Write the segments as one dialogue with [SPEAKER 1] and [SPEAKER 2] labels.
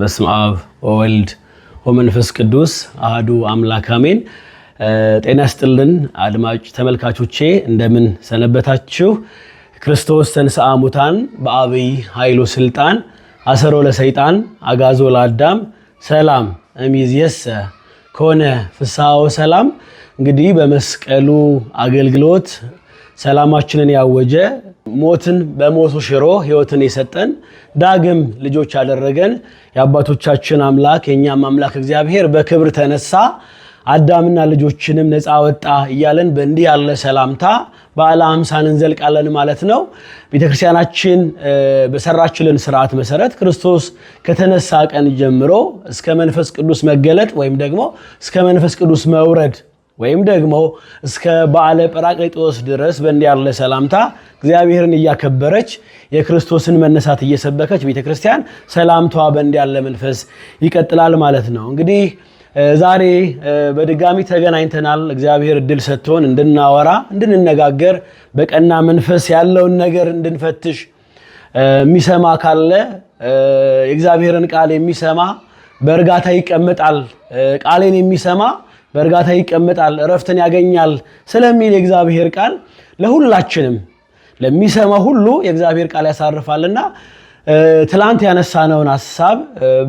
[SPEAKER 1] በስም አብ ወወልድ ወመንፈስ ቅዱስ አህዱ አምላክ አሜን። ጤና ስጥልን አድማጭ ተመልካቾቼ እንደምን ሰነበታችሁ? ክርስቶስ ተንሥአ ሙታን በአብይ ኃይሉ ስልጣን አሰሮ ለሰይጣን አጋዞ ለአዳም ሰላም እሚዝየሰ ከሆነ ፍስሐው ሰላም እንግዲህ በመስቀሉ አገልግሎት ሰላማችንን ያወጀ ሞትን በሞቱ ሽሮ ህይወትን የሰጠን ዳግም ልጆች ያደረገን የአባቶቻችን አምላክ የእኛም አምላክ እግዚአብሔር በክብር ተነሳ አዳምና ልጆችንም ነፃ ወጣ እያለን በእንዲህ ያለ ሰላምታ በዓለ ሃምሳን እንዘልቃለን ማለት ነው። ቤተክርስቲያናችን በሰራችልን ስርዓት መሰረት ክርስቶስ ከተነሳ ቀን ጀምሮ እስከ መንፈስ ቅዱስ መገለጥ ወይም ደግሞ እስከ መንፈስ ቅዱስ መውረድ ወይም ደግሞ እስከ በዓለ ጰራቅሊጦስ ድረስ በእንዲህ ያለ ሰላምታ እግዚአብሔርን እያከበረች የክርስቶስን መነሳት እየሰበከች ቤተክርስቲያን ሰላምቷ በእንዲህ ያለ መንፈስ ይቀጥላል ማለት ነው። እንግዲህ ዛሬ በድጋሚ ተገናኝተናል። እግዚአብሔር እድል ሰጥቶን እንድናወራ፣ እንድንነጋገር፣ በቀና መንፈስ ያለውን ነገር እንድንፈትሽ የሚሰማ ካለ የእግዚአብሔርን ቃል የሚሰማ በእርጋታ ይቀመጣል። ቃሌን የሚሰማ በእርጋታ ይቀመጣል፣ እረፍትን ያገኛል ስለሚል የእግዚአብሔር ቃል ለሁላችንም ለሚሰማ ሁሉ የእግዚአብሔር ቃል ያሳርፋልና ትላንት ያነሳነውን ሀሳብ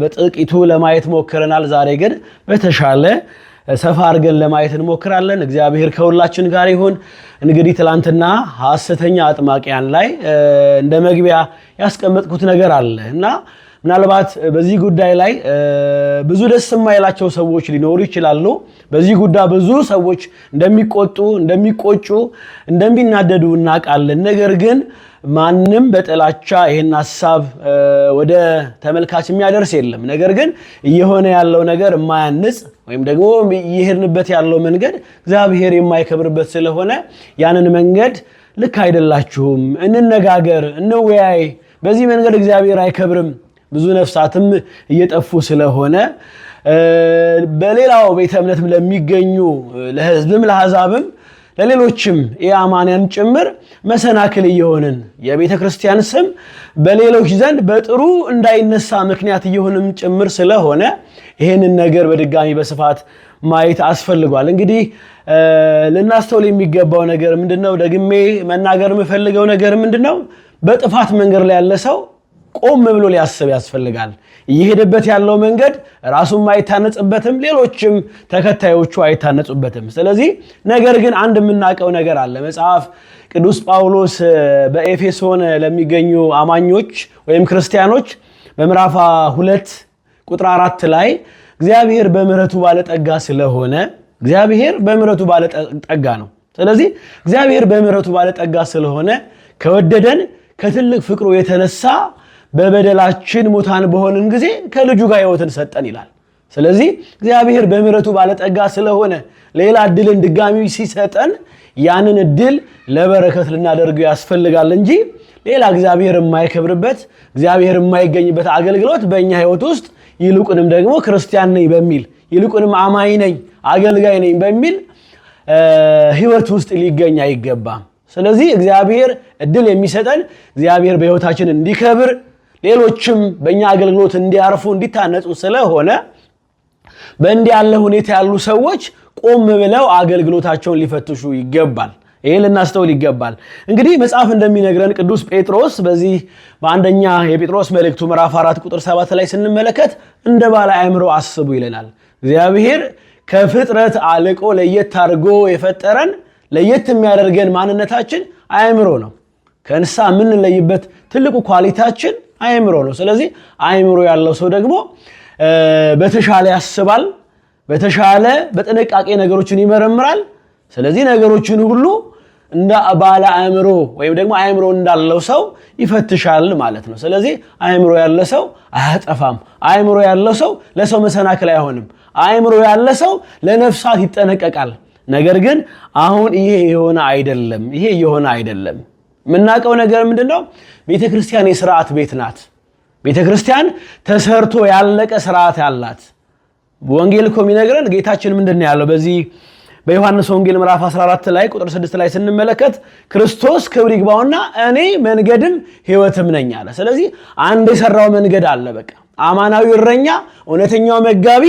[SPEAKER 1] በጥቂቱ ለማየት ሞክረናል። ዛሬ ግን በተሻለ ሰፋ አድርገን ለማየት እንሞክራለን። እግዚአብሔር ከሁላችን ጋር ይሁን። እንግዲህ ትላንትና ሐሰተኛ አጥማቂያን ላይ እንደ መግቢያ ያስቀመጥኩት ነገር አለ እና ምናልባት በዚህ ጉዳይ ላይ ብዙ ደስ የማይላቸው ሰዎች ሊኖሩ ይችላሉ። በዚህ ጉዳይ ብዙ ሰዎች እንደሚቆጡ፣ እንደሚቆጩ፣ እንደሚናደዱ እናውቃለን። ነገር ግን ማንም በጥላቻ ይህን ሀሳብ ወደ ተመልካች የሚያደርስ የለም። ነገር ግን እየሆነ ያለው ነገር የማያንጽ ወይም ደግሞ እየሄድንበት ያለው መንገድ እግዚአብሔር የማይከብርበት ስለሆነ ያንን መንገድ ልክ አይደላችሁም፣ እንነጋገር፣ እንወያይ፣ በዚህ መንገድ እግዚአብሔር አይከብርም ብዙ ነፍሳትም እየጠፉ ስለሆነ በሌላው ቤተ እምነትም ለሚገኙ ለህዝብም ለአሕዛብም ለሌሎችም የአማንያን ጭምር መሰናክል እየሆንን የቤተ ክርስቲያን ስም በሌሎች ዘንድ በጥሩ እንዳይነሳ ምክንያት እየሆንም ጭምር ስለሆነ ይህንን ነገር በድጋሚ በስፋት ማየት አስፈልጓል። እንግዲህ ልናስተውል የሚገባው ነገር ምንድነው? ደግሜ መናገር የምፈልገው ነገር ምንድነው? በጥፋት መንገድ ላይ ያለ ሰው ቆም ብሎ ሊያስብ ያስፈልጋል። እየሄደበት ያለው መንገድ ራሱም አይታነጽበትም፣ ሌሎችም ተከታዮቹ አይታነጹበትም። ስለዚህ ነገር ግን አንድ የምናውቀው ነገር አለ። መጽሐፍ ቅዱስ ጳውሎስ በኤፌሶን ለሚገኙ አማኞች ወይም ክርስቲያኖች በምዕራፍ ሁለት ቁጥር አራት ላይ እግዚአብሔር በምሕረቱ ባለጠጋ ስለሆነ እግዚአብሔር በምሕረቱ ባለጠጋ ነው። ስለዚህ እግዚአብሔር በምሕረቱ ባለጠጋ ስለሆነ ከወደደን ከትልቅ ፍቅሩ የተነሳ በበደላችን ሙታን በሆንን ጊዜ ከልጁ ጋር ህይወትን ሰጠን ይላል። ስለዚህ እግዚአብሔር በምሕረቱ ባለጠጋ ስለሆነ ሌላ እድልን ድጋሚ ሲሰጠን ያንን እድል ለበረከት ልናደርገው ያስፈልጋል እንጂ ሌላ እግዚአብሔር የማይከብርበት እግዚአብሔር የማይገኝበት አገልግሎት በእኛ ህይወት ውስጥ ይልቁንም ደግሞ ክርስቲያን ነኝ በሚል ይልቁንም አማኝ ነኝ አገልጋይ ነኝ በሚል ህይወት ውስጥ ሊገኝ አይገባም። ስለዚህ እግዚአብሔር እድል የሚሰጠን እግዚአብሔር በህይወታችን እንዲከብር ሌሎችም በእኛ አገልግሎት እንዲያርፉ እንዲታነጹ ስለሆነ በእንዲህ ያለ ሁኔታ ያሉ ሰዎች ቆም ብለው አገልግሎታቸውን ሊፈትሹ ይገባል። ይሄ ልናስተውል ይገባል። እንግዲህ መጽሐፍ እንደሚነግረን ቅዱስ ጴጥሮስ በዚህ በአንደኛ የጴጥሮስ መልእክቱ ምዕራፍ አራት ቁጥር ሰባት ላይ ስንመለከት እንደ ባለ አእምሮ አስቡ ይለናል። እግዚአብሔር ከፍጥረት አልቆ ለየት አድርጎ የፈጠረን ለየት የሚያደርገን ማንነታችን አእምሮ ነው። ከእንስሳ የምንለይበት ትልቁ ኳሊታችን አይምሮ ነው። ስለዚህ አይምሮ ያለው ሰው ደግሞ በተሻለ ያስባል፣ በተሻለ በጥንቃቄ ነገሮችን ይመረምራል። ስለዚህ ነገሮችን ሁሉ እንደ ባለ አእምሮ ወይም ደግሞ አእምሮ እንዳለው ሰው ይፈትሻል ማለት ነው። ስለዚህ አእምሮ ያለ ሰው አያጠፋም። አእምሮ ያለ ሰው ለሰው መሰናክል አይሆንም። አእምሮ ያለ ሰው ለነፍሳት ይጠነቀቃል። ነገር ግን አሁን ይሄ የሆነ አይደለም፣ ይሄ የሆነ አይደለም። የምናውቀው ነገር ምንድን ነው? ቤተ ክርስቲያን የስርዓት ቤት ናት። ቤተ ክርስቲያን ተሰርቶ ያለቀ ስርዓት ያላት። ወንጌል እኮ የሚነግረን ጌታችን ምንድን ነው ያለው? በዚህ በዮሐንስ ወንጌል ምዕራፍ 14 ላይ ቁጥር 6 ላይ ስንመለከት ክርስቶስ ክብር ይግባውና እኔ መንገድም ህይወትም ነኝ አለ። ስለዚህ አንድ የሰራው መንገድ አለ። በቃ አማናዊ እረኛ፣ እውነተኛው መጋቢ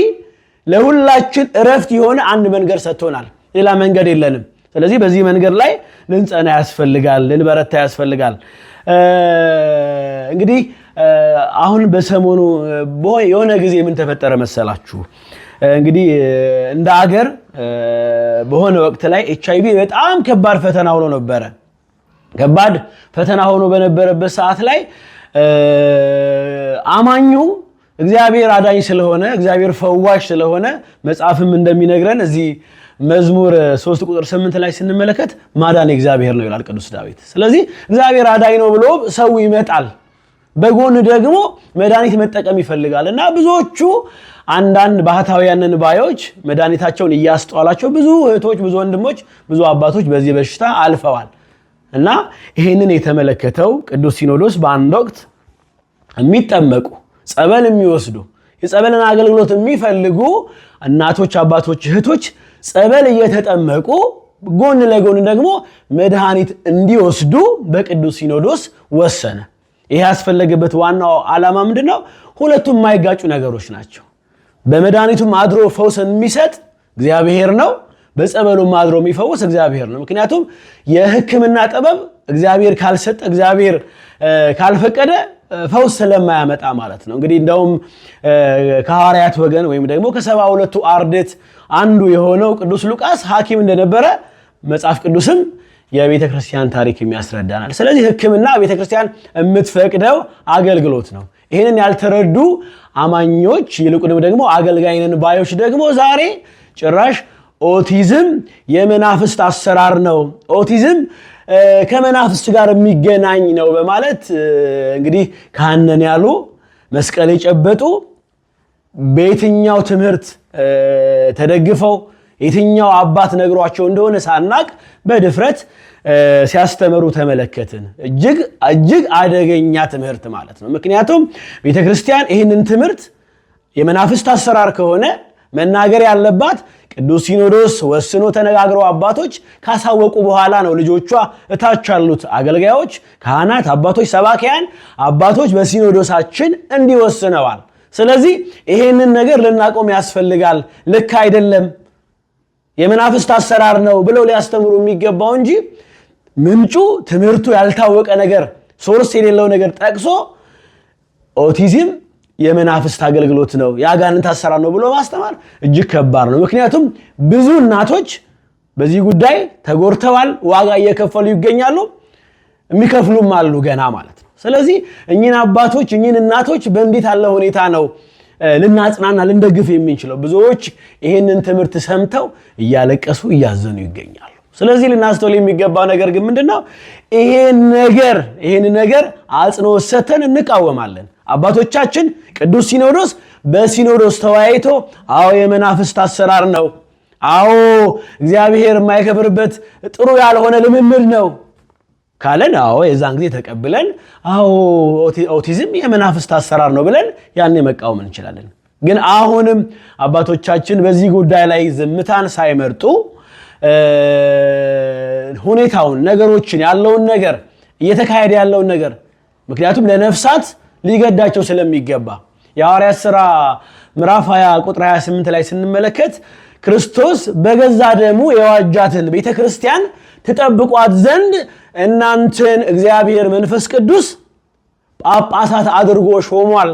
[SPEAKER 1] ለሁላችን እረፍት የሆነ አንድ መንገድ ሰጥቶናል። ሌላ መንገድ የለንም። ስለዚህ በዚህ መንገድ ላይ ልንጸና ያስፈልጋል፣ ልንበረታ ያስፈልጋል። እንግዲህ አሁን በሰሞኑ የሆነ ጊዜ ምን ተፈጠረ መሰላችሁ? እንግዲህ እንደ አገር በሆነ ወቅት ላይ ኤች አይ ቪ በጣም ከባድ ፈተና ሆኖ ነበረ። ከባድ ፈተና ሆኖ በነበረበት ሰዓት ላይ አማኙ እግዚአብሔር አዳኝ ስለሆነ እግዚአብሔር ፈዋሽ ስለሆነ መጽሐፍም እንደሚነግረን እዚህ መዝሙር ሶስት ቁጥር ስምንት ላይ ስንመለከት ማዳን እግዚአብሔር ነው ይላል ቅዱስ ዳዊት። ስለዚህ እግዚአብሔር አዳኝ ነው ብሎ ሰው ይመጣል፣ በጎን ደግሞ መድኃኒት መጠቀም ይፈልጋል እና ብዙዎቹ አንዳንድ ባህታውያንን ባዮች መድኃኒታቸውን እያስተዋላቸው ብዙ እህቶች፣ ብዙ ወንድሞች፣ ብዙ አባቶች በዚህ በሽታ አልፈዋል እና ይህንን የተመለከተው ቅዱስ ሲኖዶስ በአንድ ወቅት የሚጠመቁ ጸበል የሚወስዱ የጸበልን አገልግሎት የሚፈልጉ እናቶች፣ አባቶች፣ እህቶች ጸበል እየተጠመቁ ጎን ለጎን ደግሞ መድኃኒት እንዲወስዱ በቅዱስ ሲኖዶስ ወሰነ። ይህ ያስፈለገበት ዋናው ዓላማ ምንድን ነው? ሁለቱም የማይጋጩ ነገሮች ናቸው። በመድኃኒቱም አድሮ ፈውሰን የሚሰጥ እግዚአብሔር ነው። በጸበሉም አድሮ የሚፈውስ እግዚአብሔር ነው። ምክንያቱም የሕክምና ጥበብ እግዚአብሔር ካልሰጠ እግዚአብሔር ካልፈቀደ ፈውስ ስለማያመጣ ማለት ነው። እንግዲህ እንደውም ከሐዋርያት ወገን ወይም ደግሞ ከሰባ ሁለቱ አርድእት አንዱ የሆነው ቅዱስ ሉቃስ ሐኪም እንደነበረ መጽሐፍ ቅዱስም የቤተ ክርስቲያን ታሪክ የሚያስረዳናል። ስለዚህ ሕክምና ቤተ ክርስቲያን የምትፈቅደው አገልግሎት ነው። ይህንን ያልተረዱ አማኞች ይልቁንም ደግሞ አገልጋይንን ባዮች ደግሞ ዛሬ ጭራሽ ኦቲዝም የመናፍስት አሰራር ነው ኦቲዝም ከመናፍስት ጋር የሚገናኝ ነው በማለት እንግዲህ ካህንን ያሉ መስቀል የጨበጡ በየትኛው ትምህርት ተደግፈው የትኛው አባት ነግሯቸው እንደሆነ ሳናቅ በድፍረት ሲያስተምሩ ተመለከትን። እጅግ እጅግ አደገኛ ትምህርት ማለት ነው። ምክንያቱም ቤተክርስቲያን ይህንን ትምህርት የመናፍስት አሰራር ከሆነ መናገር ያለባት ቅዱስ ሲኖዶስ ወስኖ ተነጋግረው አባቶች ካሳወቁ በኋላ ነው ልጆቿ እታች ያሉት አገልጋዮች፣ ካህናት፣ አባቶች፣ ሰባኪያን አባቶች በሲኖዶሳችን እንዲወስነዋል። ስለዚህ ይሄንን ነገር ልናቆም ያስፈልጋል። ልክ አይደለም፣ የመናፍስት አሰራር ነው ብለው ሊያስተምሩ የሚገባው እንጂ ምንጩ ትምህርቱ ያልታወቀ ነገር ሶርስ የሌለው ነገር ጠቅሶ ኦቲዝም የመናፍስት አገልግሎት ነው፣ የአጋንንት አሰራር ነው ብሎ ማስተማር እጅግ ከባድ ነው። ምክንያቱም ብዙ እናቶች በዚህ ጉዳይ ተጎድተዋል፣ ዋጋ እየከፈሉ ይገኛሉ፣ የሚከፍሉም አሉ ገና ማለት ነው። ስለዚህ እኚህን አባቶች እኚህን እናቶች በእንዴት ያለ ሁኔታ ነው ልናጽናና ልንደግፍ የምንችለው? ብዙዎች ይህንን ትምህርት ሰምተው እያለቀሱ እያዘኑ ይገኛሉ። ስለዚህ ልናስተውል የሚገባው ነገር ግን ምንድን ነው? ይሄን ነገር ይሄን ነገር አጽንኦት ሰተን እንቃወማለን። አባቶቻችን ቅዱስ ሲኖዶስ በሲኖዶስ ተወያይቶ አዎ የመናፍስት አሰራር ነው፣ አዎ እግዚአብሔር የማይከብርበት ጥሩ ያልሆነ ልምምድ ነው ካለን አዎ የዛን ጊዜ ተቀብለን አዎ ኦቲዝም የመናፍስት አሰራር ነው ብለን ያኔ መቃወም እንችላለን። ግን አሁንም አባቶቻችን በዚህ ጉዳይ ላይ ዝምታን ሳይመርጡ ሁኔታውን፣ ነገሮችን፣ ያለውን ነገር እየተካሄደ ያለውን ነገር ምክንያቱም ለነፍሳት ሊገዳቸው ስለሚገባ የሐዋርያት ሥራ ምዕራፍ 20 ቁጥር 28 ላይ ስንመለከት ክርስቶስ በገዛ ደሙ የዋጃትን ቤተ ክርስቲያን ትጠብቋት ዘንድ እናንተን እግዚአብሔር መንፈስ ቅዱስ ጳጳሳት አድርጎ ሾሟል።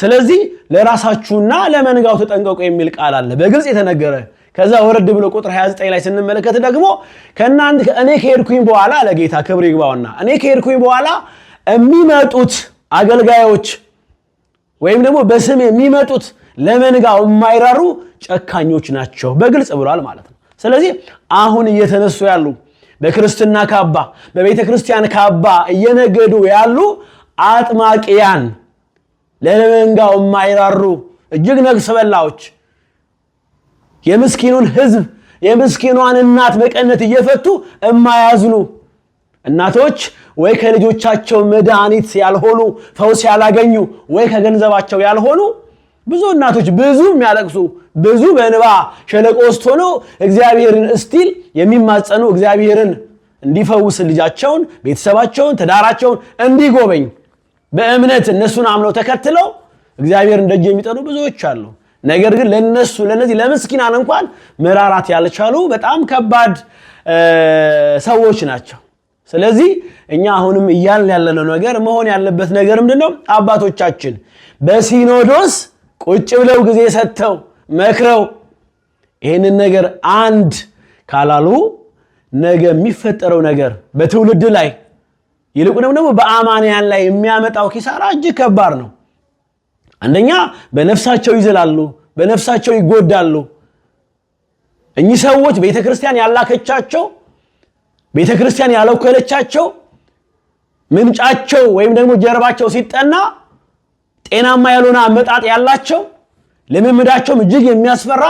[SPEAKER 1] ስለዚህ ለራሳችሁና ለመንጋው ተጠንቀቁ የሚል ቃል አለ፣ በግልጽ የተነገረ። ከዛ ወረድ ብሎ ቁጥር 29 ላይ ስንመለከት ደግሞ ከእናንተ እኔ ከሄድኩኝ በኋላ ለጌታ ክብር ይግባውና እኔ ከሄድኩኝ በኋላ የሚመጡት አገልጋዮች ወይም ደግሞ በስም የሚመጡት ለመንጋው የማይራሩ ጨካኞች ናቸው በግልጽ ብሏል ማለት ነው። ስለዚህ አሁን እየተነሱ ያሉ በክርስትና ካባ በቤተ ክርስቲያን ካባ እየነገዱ ያሉ አጥማቂያን፣ ለመንጋው የማይራሩ እጅግ ነግስ በላዎች የምስኪኑን ሕዝብ የምስኪኗን እናት በቀነት እየፈቱ እማያዝኑ እናቶች ወይ ከልጆቻቸው መድኃኒት ያልሆኑ ፈውስ ያላገኙ ወይ ከገንዘባቸው ያልሆኑ ብዙ እናቶች ብዙ የሚያለቅሱ ብዙ በእንባ ሸለቆ ውስጥ ሆነው እግዚአብሔርን እስቲል የሚማጸኑ እግዚአብሔርን እንዲፈውስ ልጃቸውን፣ ቤተሰባቸውን፣ ትዳራቸውን እንዲጎበኝ በእምነት እነሱን አምነው ተከትለው እግዚአብሔር እንደጅ የሚጠኑ ብዙዎች አሉ። ነገር ግን ለነሱ ለነዚህ ለምስኪናን እንኳን መራራት ያልቻሉ በጣም ከባድ ሰዎች ናቸው። ስለዚህ እኛ አሁንም እያልን ያለነው ነገር መሆን ያለበት ነገር ምንድነው? አባቶቻችን በሲኖዶስ ቁጭ ብለው ጊዜ ሰጥተው መክረው ይህንን ነገር አንድ ካላሉ ነገ የሚፈጠረው ነገር በትውልድ ላይ ይልቁንም ደግሞ በአማንያን ላይ የሚያመጣው ኪሳራ እጅግ ከባድ ነው። አንደኛ በነፍሳቸው ይዝላሉ፣ በነፍሳቸው ይጎዳሉ። እኚህ ሰዎች ቤተ ክርስቲያን ያላከቻቸው ቤተ ክርስቲያን ያለወከለቻቸው ምንጫቸው ወይም ደግሞ ጀርባቸው ሲጠና ጤናማ ያልሆነ አመጣጥ ያላቸው ልምምዳቸውም እጅግ የሚያስፈራ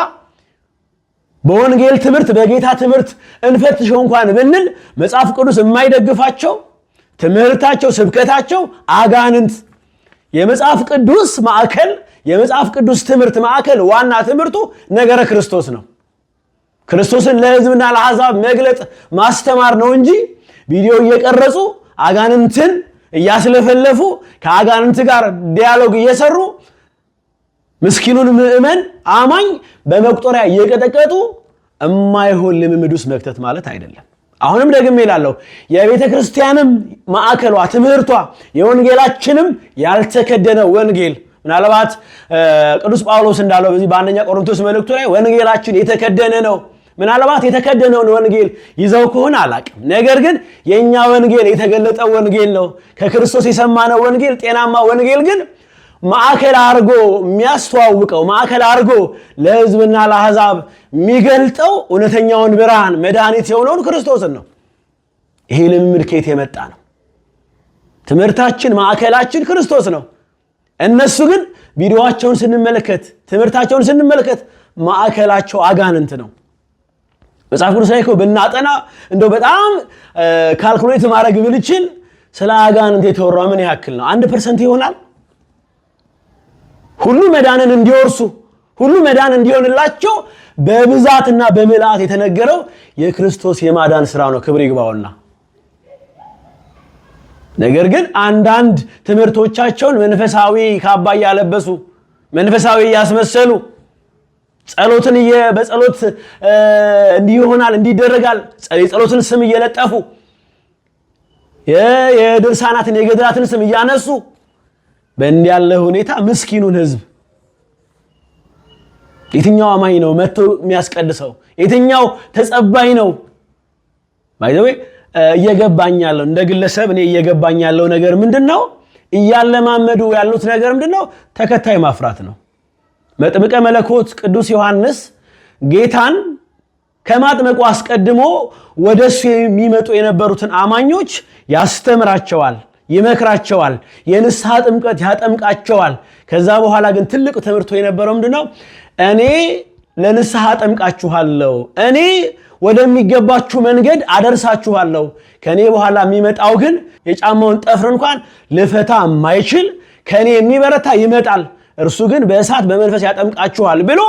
[SPEAKER 1] በወንጌል ትምህርት በጌታ ትምህርት እንፈትሸው እንኳን ብንል መጽሐፍ ቅዱስ የማይደግፋቸው ትምህርታቸው፣ ስብከታቸው አጋንንት የመጽሐፍ ቅዱስ ማዕከል የመጽሐፍ ቅዱስ ትምህርት ማዕከል ዋና ትምህርቱ ነገረ ክርስቶስ ነው። ክርስቶስን ለህዝብና ለአሕዛብ መግለጥ ማስተማር ነው እንጂ ቪዲዮ እየቀረጹ አጋንንትን እያስለፈለፉ ከአጋንንት ጋር ዲያሎግ እየሰሩ ምስኪኑን ምእመን አማኝ በመቁጠሪያ እየቀጠቀጡ እማይሆን ልምምድ ውስጥ መክተት ማለት አይደለም። አሁንም ደግሜ እላለሁ የቤተ ክርስቲያንም ማዕከሏ ትምህርቷ የወንጌላችንም ያልተከደነ ወንጌል ምናልባት ቅዱስ ጳውሎስ እንዳለው በዚህ በአንደኛ ቆሮንቶስ መልእክቱ ላይ ወንጌላችን የተከደነ ነው ምናልባት የተከደነውን ወንጌል ይዘው ከሆነ አላቅም። ነገር ግን የእኛ ወንጌል የተገለጠ ወንጌል ነው። ከክርስቶስ የሰማነው ወንጌል ጤናማ ወንጌል ግን ማዕከል አድርጎ የሚያስተዋውቀው ማዕከል አድርጎ ለሕዝብና ለአሕዛብ የሚገልጠው እውነተኛውን ብርሃን መድኃኒት የሆነውን ክርስቶስን ነው። ይሄ ልምምድ ከየት የመጣ ነው? ትምህርታችን ማዕከላችን ክርስቶስ ነው። እነሱ ግን ቪዲዮዋቸውን ስንመለከት ትምህርታቸውን ስንመለከት ማዕከላቸው አጋንንት ነው። መጽሐፍ ቅዱስ ላይ እኮ ብናጠና እንደው በጣም ካልኩሌት ማድረግ ብልችል ስለ አጋንንት የተወራ ምን ያክል ነው? አንድ ፐርሰንት ይሆናል። ሁሉ መዳንን እንዲወርሱ ሁሉ መዳን እንዲሆንላቸው በብዛትና በምልአት የተነገረው የክርስቶስ የማዳን ስራ ነው። ክብር ይግባውና ነገር ግን አንዳንድ ትምህርቶቻቸውን መንፈሳዊ ካባ እያለበሱ መንፈሳዊ እያስመሰሉ ጸሎትን በጸሎት እንዲህ ይሆናል እንዲህ ይደረጋል የጸሎትን ስም እየለጠፉ የድርሳናትን የገድላትን ስም እያነሱ በእንዲህ ያለ ሁኔታ ምስኪኑን ህዝብ የትኛው አማኝ ነው መጥቶ የሚያስቀድሰው? የትኛው ተጸባይ ነው? ባይዘዌ እየገባኝ ያለው እንደ ግለሰብ እኔ እየገባኝ ያለው ነገር ምንድን ነው? እያለማመዱ ያሉት ነገር ምንድን ነው? ተከታይ ማፍራት ነው። መጥምቀ መለኮት ቅዱስ ዮሐንስ ጌታን ከማጥመቁ አስቀድሞ ወደ እሱ የሚመጡ የነበሩትን አማኞች ያስተምራቸዋል፣ ይመክራቸዋል፣ የንስሐ ጥምቀት ያጠምቃቸዋል። ከዛ በኋላ ግን ትልቅ ትምህርቱ የነበረው ነው? እኔ ለንስሐ አጠምቃችኋለሁ፣ እኔ ወደሚገባችሁ መንገድ አደርሳችኋለሁ። ከእኔ በኋላ የሚመጣው ግን የጫማውን ጠፍር እንኳን ልፈታ የማይችል ከእኔ የሚበረታ ይመጣል እርሱ ግን በእሳት በመንፈስ ያጠምቃችኋል ብሎ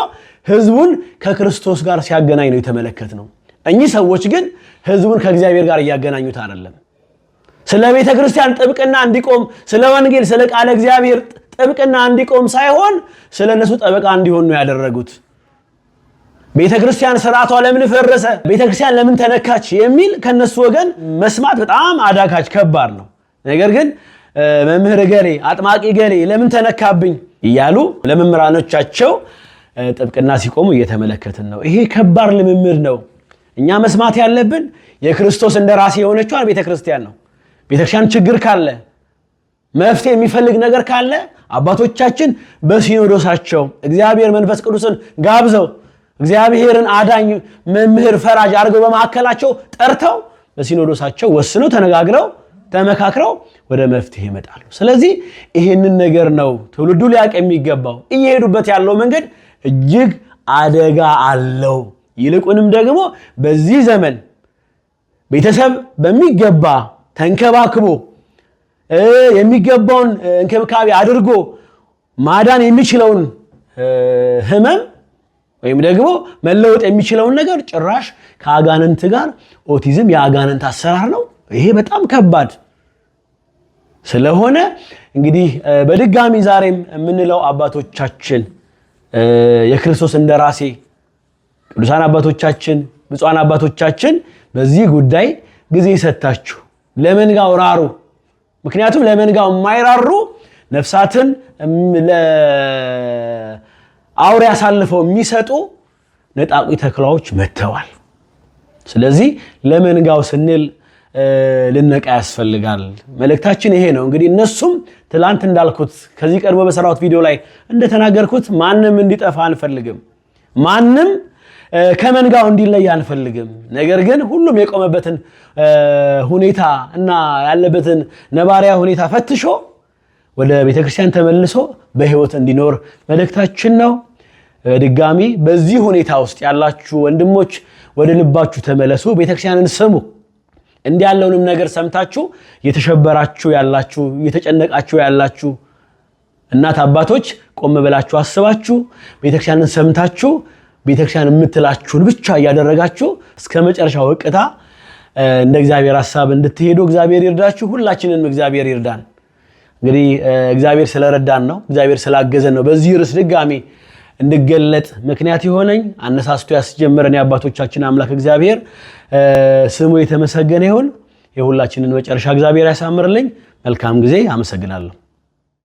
[SPEAKER 1] ህዝቡን ከክርስቶስ ጋር ሲያገናኝ ነው የተመለከት ነው። እኚህ ሰዎች ግን ህዝቡን ከእግዚአብሔር ጋር እያገናኙት አይደለም። ስለ ቤተ ክርስቲያን ጥብቅና እንዲቆም፣ ስለ ወንጌል፣ ስለ ቃለ እግዚአብሔር ጥብቅና እንዲቆም ሳይሆን ስለ እነሱ ጠበቃ እንዲሆን ነው ያደረጉት። ቤተ ክርስቲያን ስርዓቷ ለምን ፈረሰ? ቤተ ክርስቲያን ለምን ተነካች? የሚል ከነሱ ወገን መስማት በጣም አዳካች ከባድ ነው። ነገር ግን መምህር ገሌ፣ አጥማቂ ገሌ ለምን ተነካብኝ እያሉ ለመምህራኖቻቸው ጥብቅና ሲቆሙ እየተመለከትን ነው። ይሄ ከባድ ልምምድ ነው። እኛ መስማት ያለብን የክርስቶስ እንደ ራሴ የሆነችዋን ቤተክርስቲያን ነው። ቤተክርስቲያን ችግር ካለ መፍትሄ የሚፈልግ ነገር ካለ አባቶቻችን በሲኖዶሳቸው እግዚአብሔር መንፈስ ቅዱስን ጋብዘው እግዚአብሔርን አዳኝ መምህር ፈራጅ አድርገው በመካከላቸው ጠርተው በሲኖዶሳቸው ወስነው ተነጋግረው ተመካክረው ወደ መፍትሄ ይመጣሉ። ስለዚህ ይህንን ነገር ነው ትውልዱ ሊያቅ የሚገባው። እየሄዱበት ያለው መንገድ እጅግ አደጋ አለው። ይልቁንም ደግሞ በዚህ ዘመን ቤተሰብ በሚገባ ተንከባክቦ የሚገባውን እንክብካቤ አድርጎ ማዳን የሚችለውን ህመም ወይም ደግሞ መለወጥ የሚችለውን ነገር ጭራሽ ከአጋንንት ጋር ኦቲዝም የአጋንንት አሰራር ነው። ይሄ በጣም ከባድ ስለሆነ እንግዲህ በድጋሚ ዛሬም የምንለው አባቶቻችን የክርስቶስ እንደራሴ ቅዱሳን አባቶቻችን ብፁዓን አባቶቻችን በዚህ ጉዳይ ጊዜ ሰጥታችሁ ለመንጋው ራሩ። ምክንያቱም ለመንጋው የማይራሩ ነፍሳትን ለአውሬ አሳልፈው የሚሰጡ ነጣቂ ተኩላዎች መጥተዋል። ስለዚህ ለመንጋው ስንል ልነቃ ያስፈልጋል። መልእክታችን ይሄ ነው። እንግዲህ እነሱም ትላንት እንዳልኩት ከዚህ ቀድሞ በሰራሁት ቪዲዮ ላይ እንደተናገርኩት ማንም እንዲጠፋ አንፈልግም። ማንም ከመንጋው እንዲለይ አንፈልግም። ነገር ግን ሁሉም የቆመበትን ሁኔታ እና ያለበትን ነባሪያ ሁኔታ ፈትሾ ወደ ቤተክርስቲያን ተመልሶ በሕይወት እንዲኖር መልእክታችን ነው። በድጋሚ በዚህ ሁኔታ ውስጥ ያላችሁ ወንድሞች ወደ ልባችሁ ተመለሱ። ቤተክርስቲያንን ስሙ። እንዲህ ያለውንም ነገር ሰምታችሁ የተሸበራችሁ ያላችሁ የተጨነቃችሁ ያላችሁ እናት አባቶች ቆም ብላችሁ አስባችሁ ቤተክርስቲያንን ሰምታችሁ ቤተክርስቲያን የምትላችሁን ብቻ እያደረጋችሁ እስከ መጨረሻው እቅታ እንደ እግዚአብሔር ሀሳብ እንድትሄዱ እግዚአብሔር ይርዳችሁ። ሁላችንም እግዚአብሔር ይርዳን። እንግዲህ እግዚአብሔር ስለረዳን ነው፣ እግዚአብሔር ስላገዘን ነው። በዚህ ርዕስ ድጋሚ እንድገለጥ ምክንያት የሆነኝ አነሳስቶ ያስጀመረን የአባቶቻችን አምላክ እግዚአብሔር ስሙ የተመሰገነ ይሁን። የሁላችንን መጨረሻ እግዚአብሔር ያሳምርልኝ። መልካም ጊዜ። አመሰግናለሁ።